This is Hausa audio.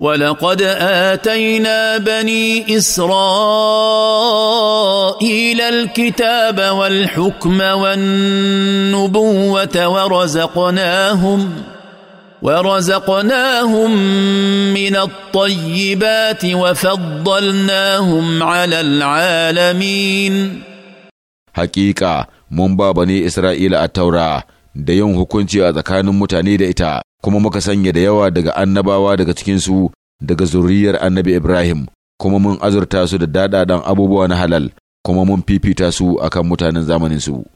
ولقد اتينا بني اسرائيل الكتاب والحكم والنبوه ورزقناهم ورزقناهم من الطيبات وفضلناهم على العالمين حقيقه من بني اسرائيل التوراه da yin hukunci a tsakanin mutane da ita kuma muka sanya da yawa daga annabawa daga cikinsu daga zuriyar annabi Ibrahim kuma mun azurta su da daɗaɗan abubuwa na halal kuma mun fifita su akan mutanen zamaninsu.